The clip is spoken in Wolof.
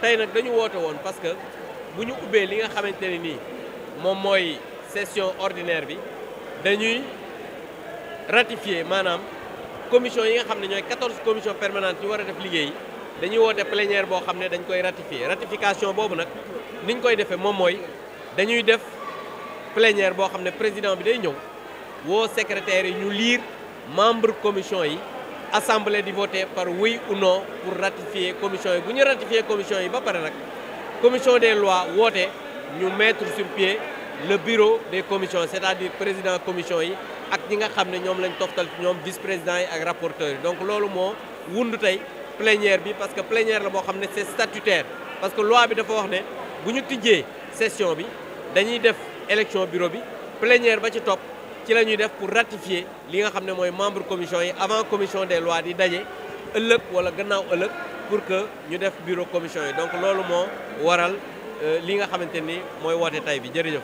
tey nag dañu woote woon parce que bu ñu ubbee li nga xamante ne nii moom mooy session ordinaire bi dañuy ratifier maanaam commission yi nga xam ne ñooy 14 commission permanente yu war a def liggéey dañuy woote plénière boo xam ne dañ koy ratifier ratification boobu nag niñ koy defee moom mooy dañuy def plénière boo xam ne président bi day ñëw woo secrétaire yi ñu liir. membre commission yi assemblée di voter par oui ou non pour ratifier commission yi bu ñu ratifier commission yi ba pare nag commission des lois woote ñu mettre sur pied le bureau des commissions c'est-à-dire président commission yi ak ñi nga xam ne ñoom lañ toftal ci ñoom vice président yi ak rapporteur yi donc loolu moo wund tey plénière bi parce que plénière la boo xam ne c'est statutaire parce que loi bi dafa wax ne bu ñu tijjee session bi dañuy def élection bureau bi plénière ba ci topp ci la ñuy def pour ratifier li nga xam ne mooy membre commission yi avant commission de lois di daje ëllëg wala gannaaw ëllëg pour que ñu def bureau commission yi donc loolu moo waral euh, li nga xamante ni mooy woote tay bi jërëjëf.